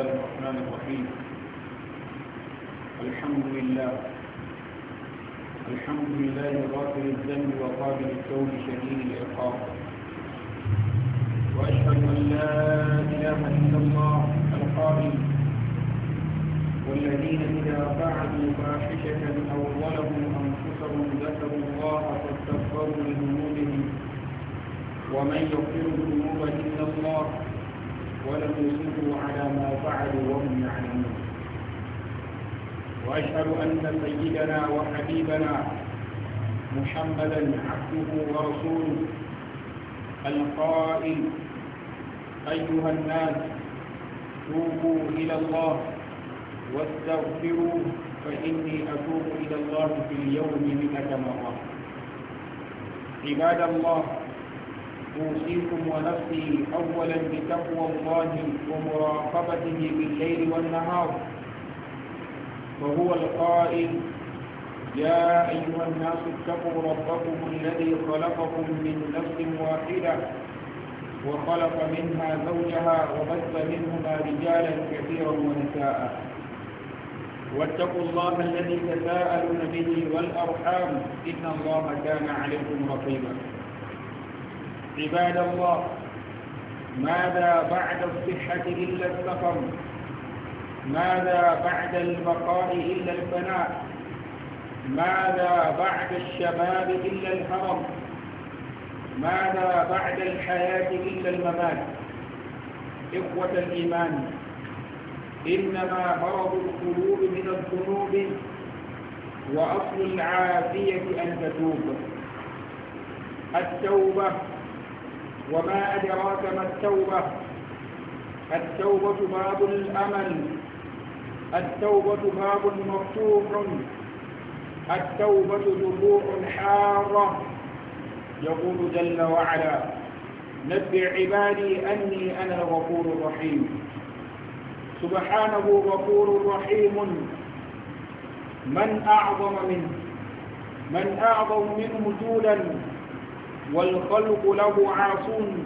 الله الرحمن الرحيم الحمد لله الحمد لله غافر الذنب وقابل التوب شديد العقاب واشهد ان لا اله الا الله القائل والذين اذا فعلوا فاحشه او ظلموا انفسهم ذكروا الله فاستغفروا لذنوبهم ومن يغفر الذنوب الا الله ولم يصبوا على ما فعلوا وهم يعلمون واشهد ان سيدنا وحبيبنا محمدا عبده ورسوله القائل ايها الناس توبوا الى الله واستغفروه فاني اتوب الى الله في اليوم مئه مره عباد الله أوصيكم ونفسي أولا بتقوى الله ومراقبته بالليل والنهار وهو القائل يا أيها الناس اتقوا ربكم الذي خلقكم من نفس واحدة وخلق منها زوجها وبث منهما رجالا كثيرا ونساء واتقوا الله الذي تساءلون به والأرحام إن الله كان عليكم رقيبا عباد الله ماذا بعد الصحة إلا السفر ماذا بعد البقاء إلا الفناء ماذا بعد الشباب إلا الهرم ماذا بعد الحياة إلا الممات إخوة الإيمان إنما مرض القلوب من الذنوب وأصل العافية أن تتوب التوبة وما أدراك ما التوبة التوبة باب الأمل التوبة باب مفتوح التوبة دموع حارة يقول جل وعلا نبع عبادي أني أنا الغفور الرحيم سبحانه غفور رحيم من أعظم منه من أعظم منه جولا والخلق له عاصون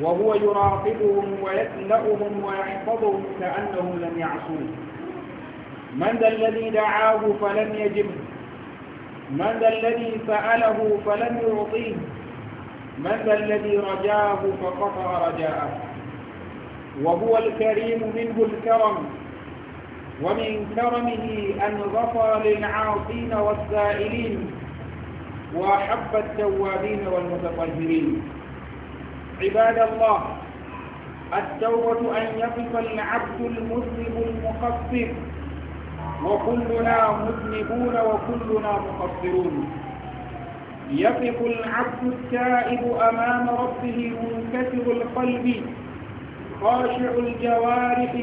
وهو يراقبهم ويتلأهم ويحفظهم كأنهم لم يعصون من ذا الذي دعاه فلم يجبه من ذا الذي سأله فلم يعطيه من ذا الذي رجاه فقطع رجاءه وهو الكريم منه الكرم ومن كرمه أن غفر للعاصين والسائلين وأحب التوابين والمتطهرين عباد الله التوبة أن يقف العبد المذنب المقصر وكلنا مذنبون وكلنا مقصرون يقف العبد التائب أمام ربه منكسر القلب خاشع الجوارح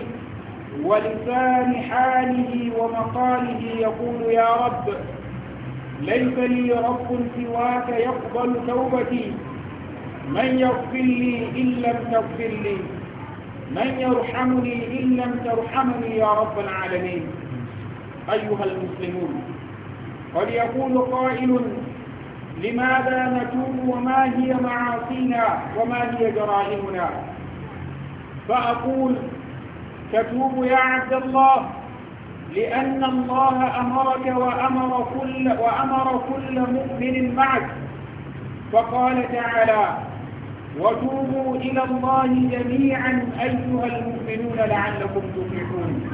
ولسان حاله ومقاله يقول يا رب ليس لي رب سواك يقبل توبتي من يغفر لي إن لم تغفر لي من يرحمني إن لم ترحمني يا رب العالمين أيها المسلمون قد يقول قائل لماذا نتوب وما هي معاصينا وما هي جرائمنا فأقول تتوب يا عبد الله لأن الله أمرك وأمر كل, وأمر كل مؤمن معك فقال تعالى وتوبوا إلى الله جميعا أيها المؤمنون لعلكم تفلحون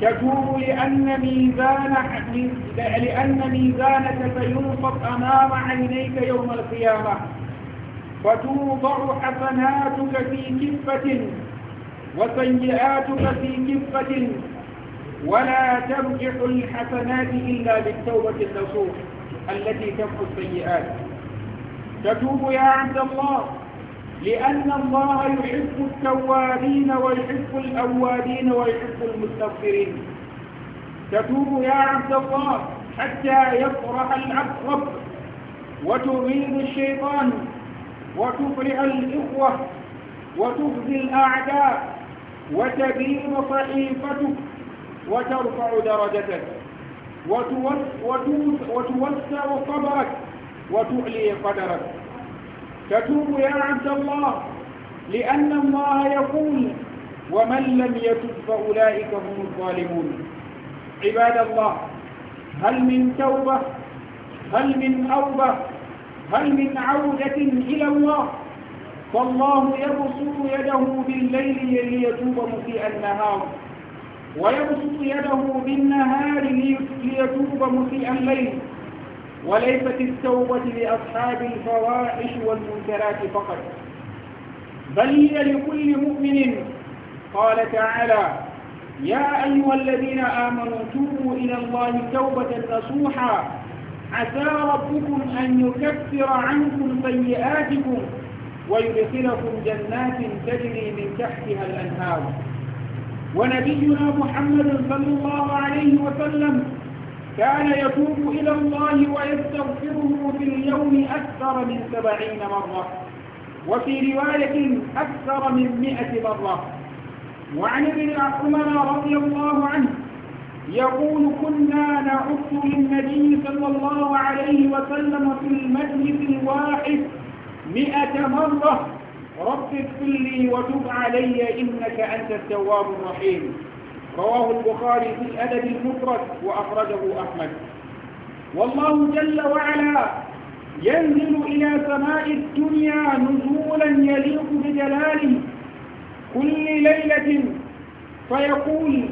تتوب لأن ميزان لأن ميزانك سينقض أمام عينيك يوم القيامة فتوضع حسناتك في كفة وسيئاتك في كفة ولا ترجح الحسنات إلا بالتوبة النصوح التي تمحو السيئات تتوب يا عبد الله لأن الله يحب التوابين ويحب الأوابين ويحب المستغفرين تتوب يا عبد الله حتى يفرح العقرب وتغيظ الشيطان وتفرح الإخوة وتغزي الأعداء وتبين صحيفتك وترفع درجتك وتوسع قبرك وتعلي قدرك تتوب يا عبد الله لأن الله يقول ومن لم يتب فأولئك هم الظالمون عباد الله هل من توبة هل من أوبة هل من عودة إلى الله فالله يبسط يده بالليل ليتوب مسيء النهار ويبسط يده بالنهار ليتوب مسيء الليل وليست التوبة لأصحاب الفواحش والمنكرات فقط بل هي لكل مؤمن قال تعالى يا أيها الذين آمنوا توبوا إلى الله توبة نصوحا عسى ربكم أن يكفر عنكم سيئاتكم ويدخلكم جنات تجري من تحتها الأنهار ونبينا محمد صلى الله عليه وسلم كان يتوب إلى الله ويستغفره في اليوم أكثر من سبعين مرة وفي رواية أكثر من مئة مرة وعن ابن عمر رضي الله عنه يقول كنا نعد للنبي صلى الله عليه وسلم في المجلس الواحد مئة مرة رب اغفر لي وتب علي إنك أنت التواب الرحيم رواه البخاري في الأدب المفرد وأخرجه أحمد والله جل وعلا ينزل إلى سماء الدنيا نزولا يليق بجلاله كل ليلة فيقول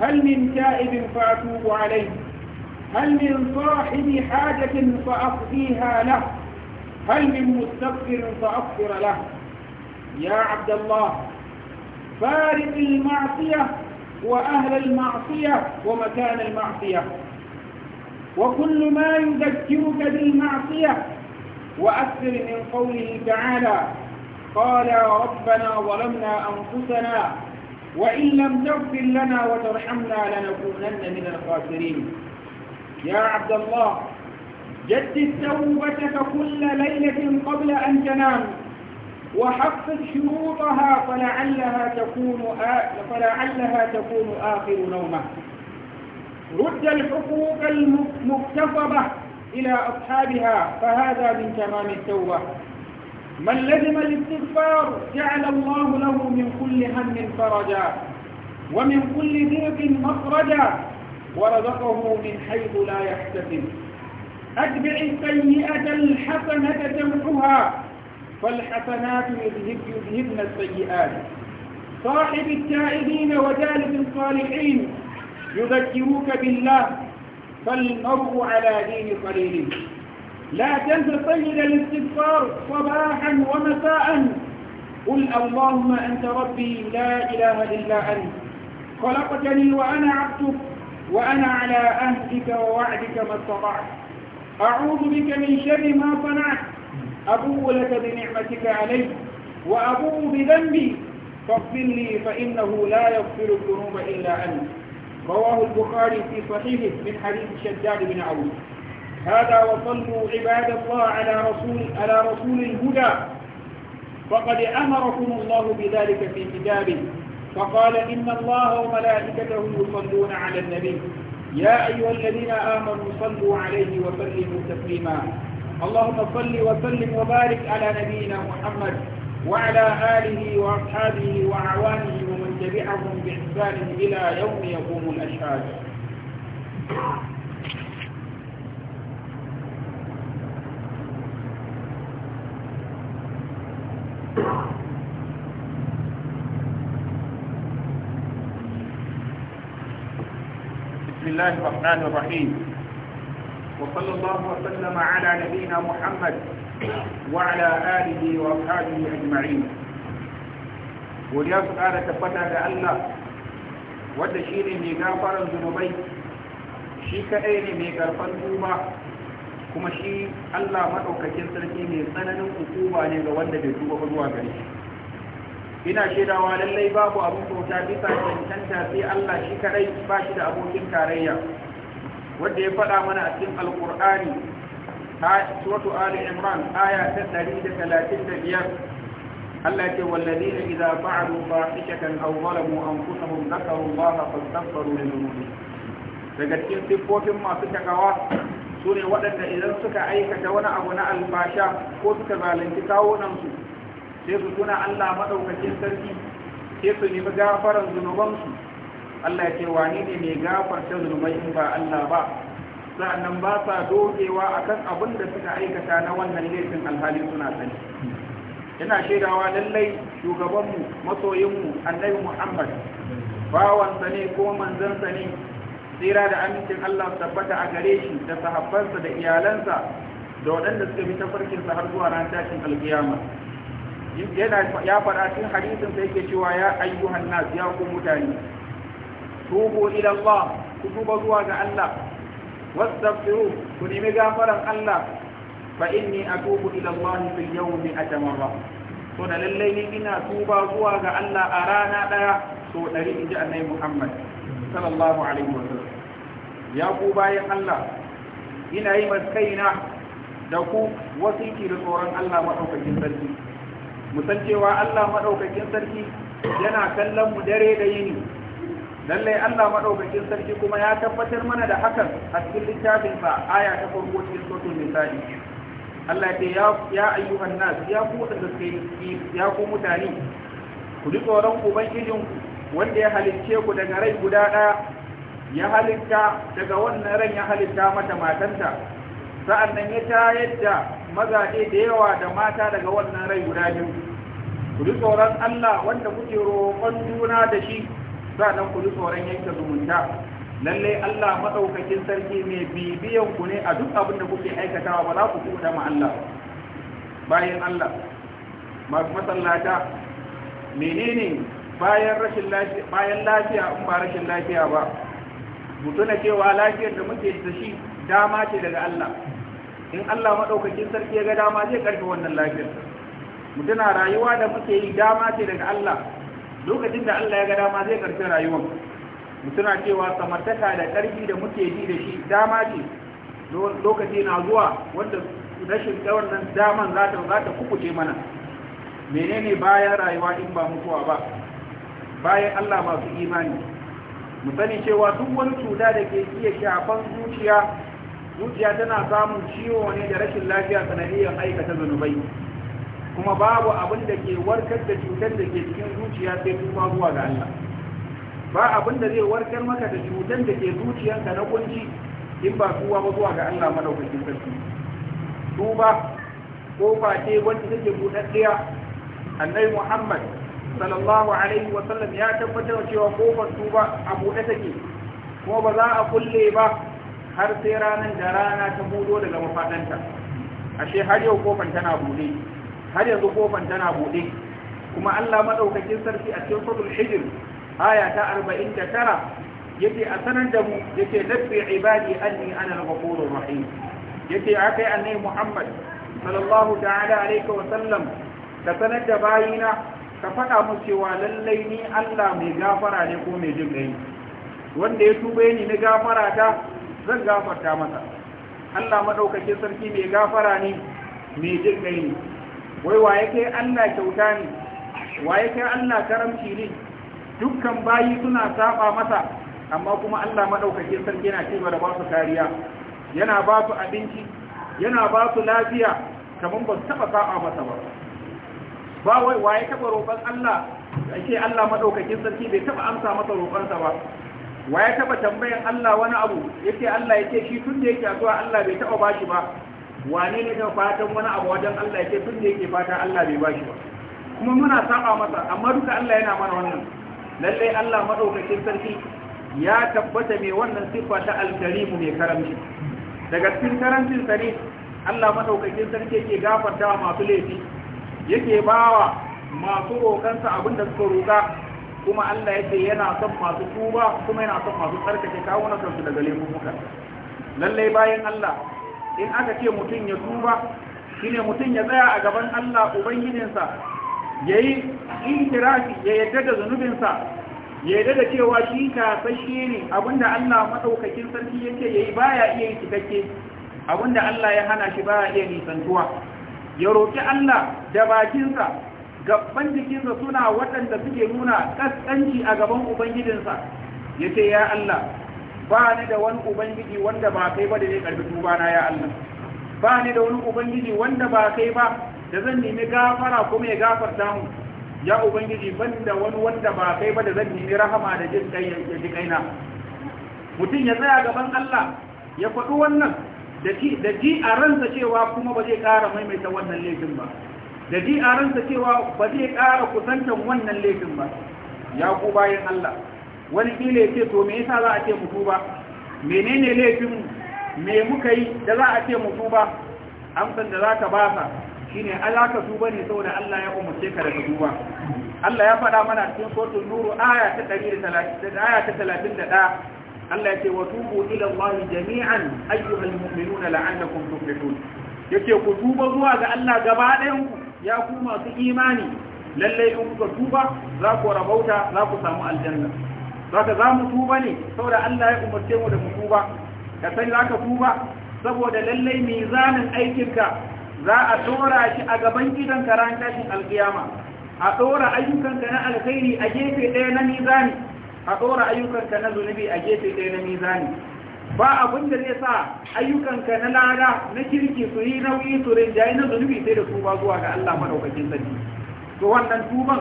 هل من تائب فأتوب عليه هل من صاحب حاجة فأقضيها له هل من مستغفر فأغفر له يا عبد الله فارق المعصية وأهل المعصية ومكان المعصية وكل ما يذكرك بالمعصية وأكثر من قوله تعالى قال ربنا ظلمنا أنفسنا وإن لم تغفر لنا وترحمنا لنكونن من الخاسرين يا عبد الله جدد توبتك كل ليلة قبل أن تنام وحقق شروطها فلعلها تكون فلعلها تكون آخر نومه رد الحقوق المكتسبة إلى أصحابها فهذا من تمام التوبة من لزم الاستغفار جعل الله له من كل هم فرجا ومن كل ضيق مخرجا ورزقه من حيث لا يحتسب أتبع السيئة الحسنة تمحها فالحسنات يذهبن السيئات صاحب التائبين وجالب الصالحين يذكروك بالله فالمرء على دين قليل لا تنس سيد الاستغفار صباحا ومساء قل اللهم أنت ربي لا إله إلا أنت خلقتني وأنا عبدك وأنا على أهدك ووعدك ما استطعت أعوذ بك من شر ما صنعت أبو لك بنعمتك علي وأبو بذنبي فاغفر لي فإنه لا يغفر الذنوب إلا أنت رواه البخاري في صحيحه من حديث الشداد بن عوف هذا وصلوا عباد الله على رسول على رسول الهدى فقد أمركم الله بذلك في كتابه فقال إن الله وملائكته يصلون على النبي يا أيها الذين آمنوا صلوا عليه وسلموا تسليما اللهم صل وسلم وبارك على نبينا محمد وعلى آله وأصحابه وأعوانه ومن تبعهم بإحسان إلى يوم يقوم الأشهاد بسم الله الرحمن الرحيم وصلى الله وسلم على نبينا محمد وعلى آله وأصحابه أجمعين وليا سؤالة تفتح لألا ودشيني ميغافر الذنوبين shi kaɗai ne mai karfan kuma shi Allah maɗaukakin sarki mai tsananin hukuma ne ga wanda bai tuba ba zuwa gare shi ina shaidawa lallai babu abin kyauta bisa cancanta sai Allah shi kaɗai ba shi da abokin tarayya wanda ya faɗa mana a cikin alkur'ani suratu ali imran aya ta biyar? Allah ce walladina idza fa'alu fahishatan aw zalamu anfusahum dhakaru Allah fastaghfiru li dhunubihim daga cikin siffofin masu takawa su ne waɗanda idan suka aikata wani abu na albasha ko suka zalunci kawunansu sai su tuna Allah madaukakin sarki sai su nemi gafaran zunubansu Allah ya ce wane ne mai gafarta zulmai in ba Allah ba sa'annan ba sa dogewa akan abin da suka aikata na wannan laifin alhali suna sani yana shaidawa lallai shugabanmu masoyinmu annabi Muhammad bawansa ne ko manzansa ne tsira da amincin Allah tabbata a gare shi da sahabbansa da iyalansa da waɗanda suka bi tafarkinsa har zuwa ran tashin alkiyama yana ya faɗa cikin hadisin sai yake cewa ya ayyuhan nas ya ku mutane tubu ila Allah ku tuba zuwa ga Allah wastaghfiru ku nemi gafaran Allah fa inni atubu ila Allah fil yawmi atamarra to da lallai ni ina tuba zuwa ga Allah a rana daya so ɗari inji annabi Muhammad sallallahu alaihi wasallam ya ku bayan Allah ina yi maskaina da ku wasiki da tsoron Allah maɗaukakin sarki musan cewa Allah maɗaukakin sarki yana kallon mu dare da yini lallai Allah madaukakin sarki kuma ya tabbatar mana da hakan a cikin littafin sa aya ta farko cikin suratul nisa'i Allah ya ce ya ayyuhan nas ya ku da kai ya ku mutane ku ji tsoron ubangijin wanda ya halicce ku daga rai guda ɗaya ya halitta daga wannan ran ya halitta mata matanta sa'annan ya tayar da mazaje da yawa da mata daga wannan rai guda biyu ku ji tsoron Allah wanda kuke roƙon juna da shi sa'annan ku ji tsoron yanke zumunta lallai Allah madaukakin sarki mai bibiyan ku ne a duk abin da kuke aikatawa ba za ku kuɗa ma Allah bayan Allah masu masallata menene bayan rashin lafiya bayan lafiya in ba rashin lafiya ba mutuna cewa lafiyar da muke da shi dama ce daga Allah in Allah maɗaukakin sarki ya ga dama zai karfi wannan lafiyar mutuna rayuwa da muke yi dama ce daga Allah lokacin da Allah ya ga dama zai karshe rayuwar mutuna cewa samartaka da ƙarfi da muke ji da shi dama ce lokaci na zuwa wanda rashin tsawon nan daman za ta za ta kukuce mana menene bayan rayuwa in ba mutuwa ba bayan Allah masu imani mu sani cewa duk wani cuta da ke iya shafan zuciya zuciya tana samun ciwo ne da rashin lafiya sanadiyyar aikata zunubai kuma babu abin da ke warkar da cutar da ke cikin zuciya sai tuba zuwa ga Allah ba abin da zai warkar maka da cutar da ke zuciyanka na kunci in ba tuba ba zuwa ga Allah madaukakin sarki tuba ko ba ce wanda take daya annabi Muhammad sallallahu alaihi wa sallam ya tabbatar cewa kofar tuba a buɗe take kuma ba za a kulle ba har sai ranar da rana ta budo daga mafaɗanta ashe har yau kofar tana buɗe har yanzu kofan tana buɗe kuma Allah madaukakin sarki a cikin suratul hijir aya ta 49 yake a sanar da mu yake nabbi ibadi anni ana al-ghafurur rahim yake akai annabi Muhammad sallallahu ta'ala alaihi wa sallam ka sanar da bayina ka faɗa mu cewa lallai ni Allah mai gafara ne ko mai jin kai wanda ya tube ni na gafara ta zan gafarta masa Allah madaukakin sarki mai gafara ne mai jin kai ne wai wa yake Allah kyauta ne wa yake Allah karamci ne dukkan bayi suna saba masa amma kuma Allah madaukake sarki yana cewa da ba su kariya yana ba su abinci yana ba su lafiya kamar ba su taba saba masa ba ba wai wa ya roƙon Allah yake Allah madaukake sarki bai taba amsa masa roƙonsa ba wa ya taba tambayan Allah wani abu yake Allah yake shi tun da yake zuwa Allah bai taba bashi ba wane ne ka fatan wani abu wajen Allah yake tun da yake fatan Allah bai bashi ba kuma muna saba masa amma duka Allah yana mana wannan lalle Allah madaukakin sarki ya tabbata mai wannan siffa ta alkarim mai karamci daga cikin karamcin sarki Allah madaukakin sarki yake gafarta masu laifi yake bawa masu rokansa abin da suka roka kuma Allah yake yana son masu tuba kuma yana son masu tsarkake kawunan kansu daga laifuka lallai bayan Allah in aka ce mutum ya tuba ne mutum ya tsaya a gaban Allah ubangijinsa yayi intirafi ya yadda da zunubinsa ya yadda da cewa shi ka sashe ne abinda Allah maɗaukakin sarki yake ba ya iya yi cikakke abinda Allah ya hana shi ba ya iya nisantuwa ya roƙi Allah da bakinsa gaban jikinsa suna waɗanda suke nuna ƙasƙanci a gaban ubangijinsa ce ya Allah ba ni da wani ubangiji wanda ba kai ba da zai karbi tuba na ya Allah ba ni da wani ubangiji wanda ba kai ba da zan nemi gafara kuma ya gafarta mu ya ubangiji ban da wani wanda ba kai ba da zan nemi rahama da jin kai ya ji kaina mutum ya tsaya gaban Allah ya faɗi wannan da ji a ransa cewa kuma ba zai ƙara maimaita wannan laifin ba da ji a ransa cewa ba zai ƙara kusantan wannan laifin ba ya ku bayan Allah wani kila ya ce to me yasa za a ce mu tuba menene laifin me muka yi da za a ce mu tuba amsan da za ka ba ka shine Allah ka tuba ne saboda Allah ya umarce ka da ka tuba Allah ya faɗa mana cikin suratul nur aya ta 130 aya ta 31 Allah ce wa tubu ila Allah jami'an ayyuhal mu'minuna la'allakum tuflihun yake ku tuba zuwa ga Allah gaba ɗayan ku ya ku masu imani lalle in kuka tuba za ku rabauta za ku samu aljanna zaka za mu tuba ne saboda Allah ya umarce mu da mu tuba ka sani zaka tuba saboda lallai mizanin aikinka za a tora shi a gaban gidan ran tashin alkiyama a ayyukan ayyukanka na alkhairi a gefe ɗaya na mizani a ayyukan ayyukanka na zunubi a gefe ɗaya na mizani ba abin da zai sa ayyukanka na lada na kirki su yi nauyi su rinjaye na zunubi sai da tuba zuwa ga Allah madaukakin sarki to wannan tuban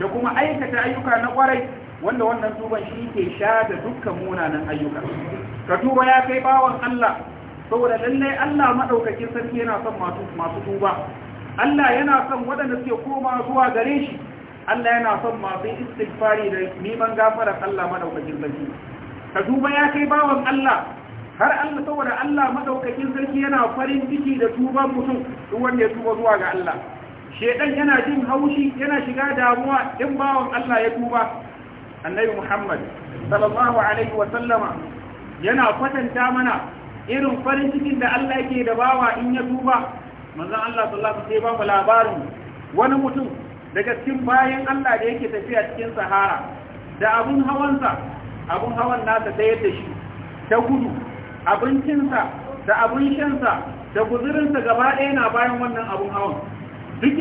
da kuma aikata ayyuka na kwarai wanda wannan tuban shi ke sha da dukkan munanan ayyuka ka tuba ya kai bawan Allah saboda lallai Allah madaukakin sarki yana son masu masu tuba Allah yana son waɗanda suke koma zuwa gare shi Allah yana son masu istighfari da neman gafarar Allah madaukakin sarki ka tuba ya kai bawan Allah har Allah saboda Allah madaukakin sarki yana farin ciki da tuban mutum duk wanda ya tuba zuwa ga Allah shedan yana jin haushi yana shiga damuwa in bawan Allah ya tuba annabi Muhammad sallallahu alaihi wa sallama yana kwatanta mana irin farin cikin da Allah yake da bawa in ya duba. manzon Allah sallallahu alaihi wa sallam labarin wani mutum daga cikin bayan Allah da yake tafiya cikin sahara da abun hawansa abun hawan nasa da yadda shi ta gudu abincinsa da abun shansa da guzurinsa gaba ɗaya na bayan wannan abun hawan duk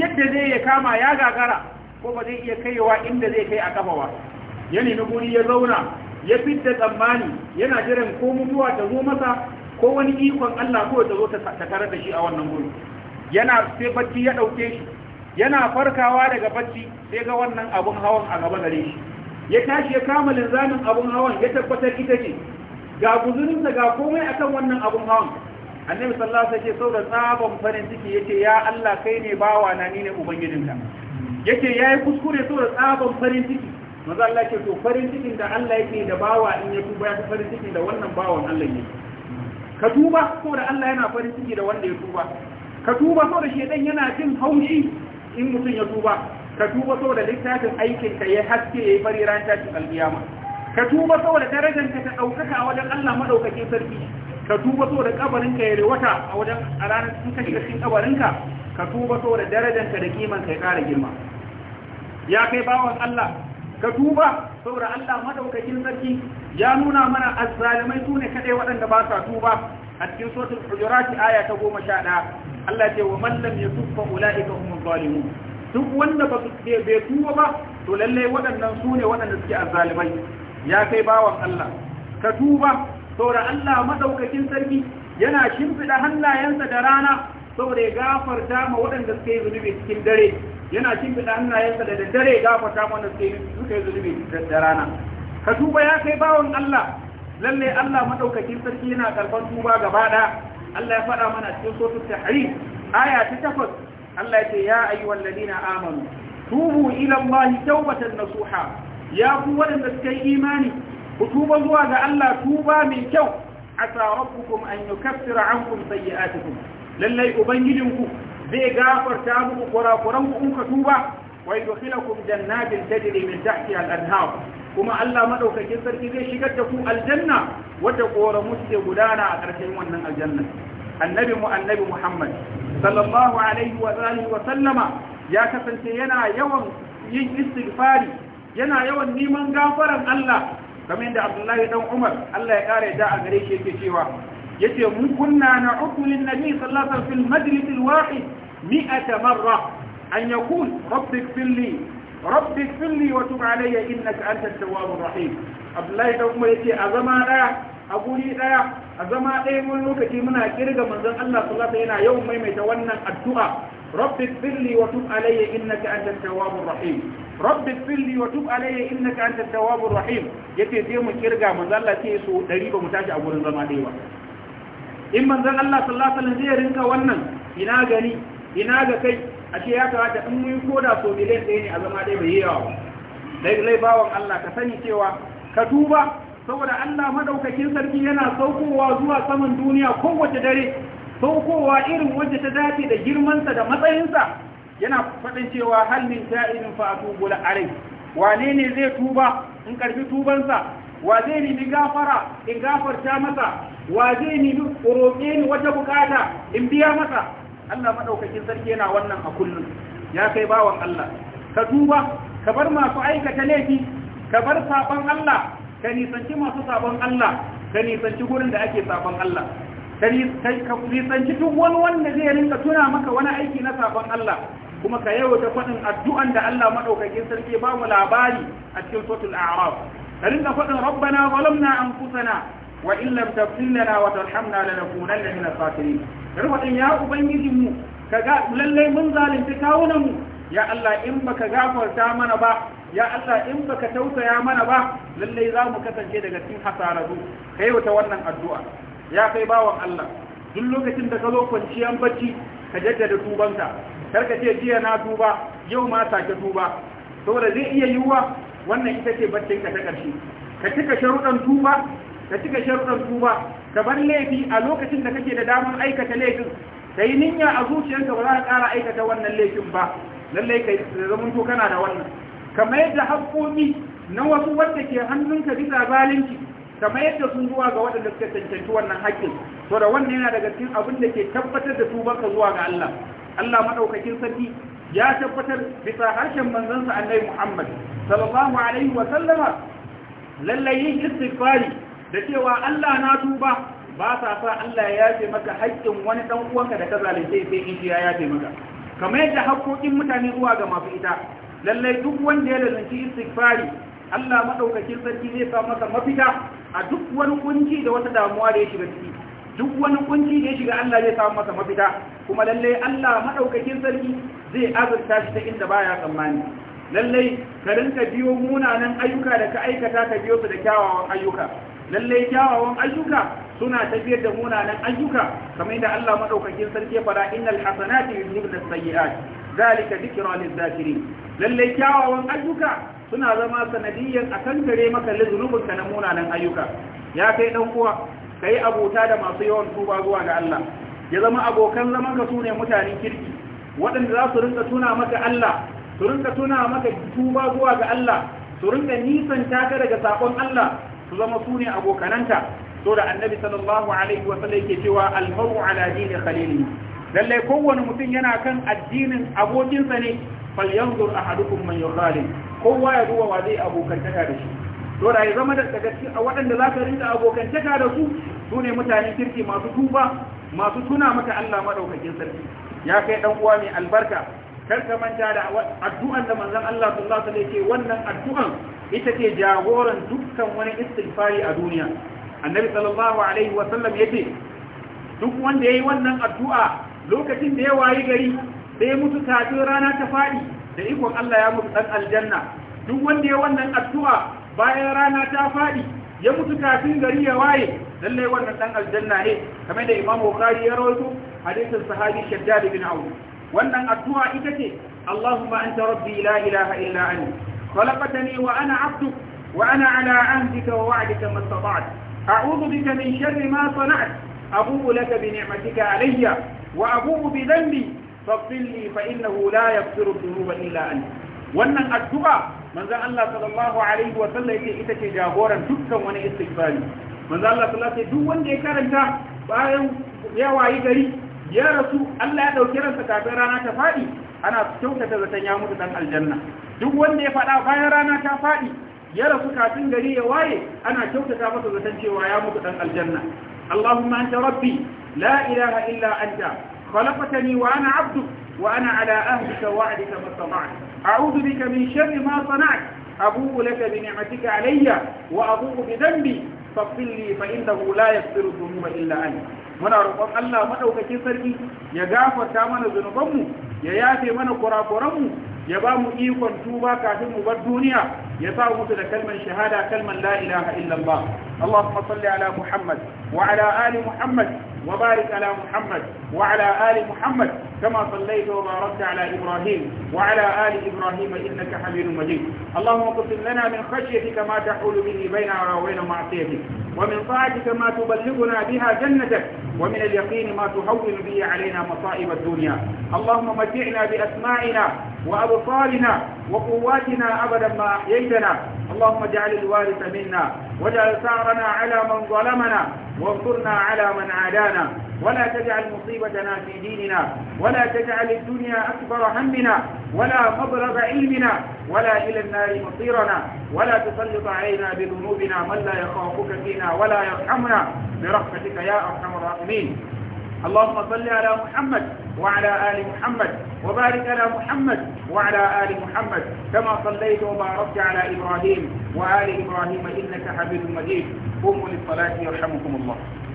yadda zai ya kama ya gagara ko ba zai iya kaiwa inda zai kai a kafa ba ya nemi guri ya zauna ya fidda tsammani yana jiran ko mutuwa ta zo masa ko wani ikon Allah ko ta zo ta tarar da shi a wannan guri yana sai bacci ya dauke shi yana farkawa daga bacci sai ga wannan abun hawan a gaba gare shi ya tashi ya kama linzamin abun hawan ya tabbatar ita ce ga guzurinsa ga komai akan wannan abun hawan annabi sallallahu alaihi wasallam sai saboda tsaban farin ciki yace ya Allah kai ne bawa na ni ne ubangijinka yake yayi kuskure saboda tsaban farin ciki maza Allah ke to farin cikin da Allah yake da bawa in ya tuba ya fi farin ciki da wannan bawon Allah ne ka tuba saboda Allah yana farin ciki da wanda ya tuba ka tuba saboda shedan yana jin haushi in mutum ya tuba ka tuba saboda littafin aikin ka ya haske yi fari ran tashin alkiyama ka tuba saboda darajar ka ta daukaka a wajen Allah madaukakin sarki ka tuba saboda kabarin ka ya rewata a wajen a ranar cikin kabarin ka ka tuba saboda darajar ka da kiman ka ya kara girma ya kai bawan Allah ka tuba saboda Allah madaukakin sarki ya nuna mana azzalimai su ne kadai waɗanda ba sa tuba a cikin suratul hujurat aya ta 11 Allah ce wa man lam yatub ulaika humuz zalimun duk wanda ba su bai tuba ba to lalle waɗannan su ne waɗanda suke azzalimai ya kai bawan Allah ka tuba saboda Allah madaukakin sarki yana shimfida hannayensa da rana saboda ya gafarta ma waɗanda suka yi zunubi cikin dare yana shimfiɗa hannayensa da dare gafarta ma waɗanda suka yi zunubi da rana ka tuba ya kai bawan Allah lalle Allah madaukakin sarki yana karɓar tuba gaba ɗaya Allah ya faɗa mana cikin ta tahrim aya ta takwas Allah ya ce ya ayyuhal ladina amanu tubu ila Allah tawbatan nasuha ya ku waɗanda suka yi imani ku tuba zuwa ga Allah tuba mai kyau asa rabbukum an yukaffira ankum sayyi'atikum lallai ubangijinku zai gafarta muku kurakuran ku in ka tuba wa yudkhilukum jannatin tajri min tahtiha al-anhar kuma Allah madaukakin sarki zai shigar da ku aljanna wadda koramu suke gudana a ƙarshen wannan aljanna annabi mu annabi Muhammad sallallahu alaihi wa alihi wa sallama ya kasance yana yawan yin istighfari yana yawan neman gafaran Allah kamar yadda Abdullahi dan Umar Allah ya kare da a gare shi yake cewa يتيب كنا نعط للنبي صلى الله عليه وسلم في المجلس الواحد مئة مرة أن يقول رب اكفر لي رب اكفر لي وتب علي إنك أنت التواب الرحيم أبلاي تقول يتي أزما لا أقول لا أزما أي ملوك كي منا كرغ من ذلك الله صلى الله عليه وسلم يوم ما يتونا الدعاء رب اكفر لي وتب علي إنك أنت التواب الرحيم رب اكفر لي وتب علي إنك أنت التواب الرحيم يتي ديوم كرغ من ذلك الله تيسو دريب متاجع أبو الزما ديوة in zan Allah sallallahu alaihi wasallam zai rinka wannan ina gani ina ga kai ashe ya kawata in ko da so miliyan ɗaya ne a zama dai bai yawa dai lai bawon Allah ka sani cewa ka duba saboda Allah madaukakin sarki yana saukowa zuwa saman duniya kowace dare saukowa irin wacce ta dace da girmansa da matsayin sa yana faɗin cewa hal min ta'irin fa atubu la alai wane ne zai tuba in karfi tubansa wa zai nemi gafara in gafarta masa wa zai nemi roƙe ni wata bukata in biya masa Allah madaukakin sarki yana wannan a kullum ya kai bawan Allah ka duba ka bar masu aikata laifi ka bar sabon Allah ka nisanci masu sabon Allah ka nisanci gurin da ake sabon Allah ka nisanci duk wani wanda zai rinka tuna maka wani aiki na sabon Allah kuma ka yawaita faɗin addu'an da Allah madaukakin sarki ba mu labari a cikin suratul a'raf wa فقل tafsir ظلمنا أنفسنا وإن لم تغفر لنا وترحمنا لنكونن من الخاسرين رفقين يا أبنجي مو lallai mun zalunci kawunan mu ya Allah in baka gafarta mana ba ya Allah in baka tausaya mana ba lallai za mu kasance daga cikin hasararru kai wata wannan addu'a ya kai bawan Allah duk lokacin da ka zo kwanciyan bacci ka jaddada tubanka kar ka ce jiya na tuba yau ma sake tuba saboda zai iya yiwuwa wannan ita ce baccin ka ta ƙarshe ka cika sharuɗan tuba ka cika sharuɗan tuba ka bar laifi a lokacin da kake da damar aikata laifin ka yi niyya a zuciyarka ba za ka ƙara aikata wannan laifin ba lallai ka zaman to kana da wannan ka mayar da haƙƙoƙi na wasu wanda ke hannunka bisa zalunci ka mayar da sun zuwa ga waɗanda suka cancanci wannan haƙƙin to da wannan yana daga cikin abin da ke tabbatar da tubanka zuwa ga Allah Allah maɗaukakin sarki ya tabbatar bisa harshen manzansa annabi Muhammad sallallahu alaihi wa sallama lallai yin istighfari da cewa Allah na tuba ba sa sa Allah ya yafe maka haƙƙin wani dan uwanka da ka zalunce sai in shi ya yafe maka kamar yadda haƙƙoƙin mutane zuwa ga masu ita lallai duk wanda ya lalace istighfari Allah madaukakin sarki zai sa masa mafita a duk wani kunci da wata damuwa da ya shiga ciki duk wani kunci da ya shiga Allah zai samu masa mafita kuma lallai Allah madaukakin sarki zai azurta shi ta inda baya tsammani lallai ka rinka biyo munanan ayyuka da ka aikata ka biyo su da kyawawan ayyuka lallai kyawawan ayyuka suna tafiyar da munanan ayyuka kamar da Allah madaukakin sarki fara innal hasanati yuzhibna sayyi'at zalika dhikra lizzakirin lallai kyawawan ayyuka suna zama sanadiyyan akan gare maka lizunubin ka na munanan ayyuka ya kai dan uwa kai abota da masu yawan tuba zuwa ga Allah ya zama abokan zaman ka sune mutanen kirki waɗanda za su rinka tuna maka Allah su rinka tuna maka tuba zuwa ga Allah su rinka nisanta ka daga sakon Allah su zama su ne abokananta so da annabi sallallahu alaihi wa sallam yake cewa al-mar'u ala dini khalili lalle kowanne mutum yana kan addinin abokinsa ne falyanzur ahadukum man yukhalil kowa ya duba wa zai abokantaka da shi to da ya zama da daga cikin waɗanda za ka rinka abokantaka da su su ne mutane kirki masu tuba masu tuna maka Allah madaukakin sarki ya kai dan uwa mai albarka kar ka manta da addu'an da manzon Allah sallallahu alaihi wasallam wannan addu'an ita ke jagoran dukkan wani istighfari a duniya annabi sallallahu alaihi wasallam yake duk wanda yayi wannan addu'a lokacin da ya wayi gari sai mutu kafin rana ta fadi da ikon Allah ya mutu dan aljanna duk wanda ya wannan addu'a bayan rana ta fadi ya mutu kafin gari ya waye lallai wannan dan aljanna ne kamar da imamu bukhari ya rawaito hadisin sahabi shaddad bin awf wannan addu'a ita ce Allahumma ta rabbi la ilaha illa anta ne wa ana abdu wa ana 'ala 'ahdika wa wa'dika mastata'tu a'udhu bika min sharri ma sana'tu abu'u laka bi ni'matika alayya wa abubu bi dhanbi faghfir li fa innahu la yaghfiru dhunuba illa anta wannan addu'a manzan Allah sallallahu alaihi wa sallam yake ita ce jagoran dukkan wani istighfari manzan Allah sallallahu alaihi duk wanda ya karanta bayan ya wayi gari ya rasu Allah ya dauke ransa kafin rana ta faɗi, ana kyautata zaton ya mutu dan aljanna duk wanda ya faɗa bayan rana ta faɗi, ya rasu kafin gari ya waye ana kyautata masa zaton cewa ya mutu dan aljanna Allahumma anta rabbi la ilaha illa anta khalaqtani wa ana abduk wa ana ala ahdika wa wa'dika mastata'tu a'udhu bika min sharri ma sana'tu abu laka bi ni'matika alayya wa adhuku bi dhanbi faghfir li fa innahu la yaghfiru dhunuba illa anta muna roƙon Allah maɗaukakin sarki ya gafarta mana zunubanmu ya yafe mana kurakuranmu ya ba mu ikon tuba kafin mu bar duniya ya sa mutu da kalmar shahada kalmar la ilaha illallah اللهم صل على محمد وعلى آل محمد وبارك على محمد وعلى آل محمد كما صليت وباركت على إبراهيم وعلى آل إبراهيم إنك حميد مجيد اللهم قسم لنا من خشيتك ما تحول به بيننا وبين معصيتك ومن طاعتك ما تبلغنا بها جنتك ومن اليقين ما تهون به علينا مصائب الدنيا اللهم متعنا بأسماعنا وأبصارنا وقواتنا أبدا ما أحييتنا اللهم اجعل الوارث منا واجعل ثارنا على من ظلمنا وانصرنا على من عادانا ولا تجعل مصيبتنا في ديننا ولا تجعل الدنيا أكبر همنا ولا مبلغ علمنا ولا إلى النار مصيرنا ولا تسلط علينا بذنوبنا من لا يخافك فينا ولا يرحمنا برحمتك يا أرحم الراحمين اللهم صل على محمد وعلى آل محمد وبارك على محمد وعلى آل محمد كما صليت وباركت على إبراهيم وآل إبراهيم إنك حميد مجيد قوموا للصلاة يرحمكم الله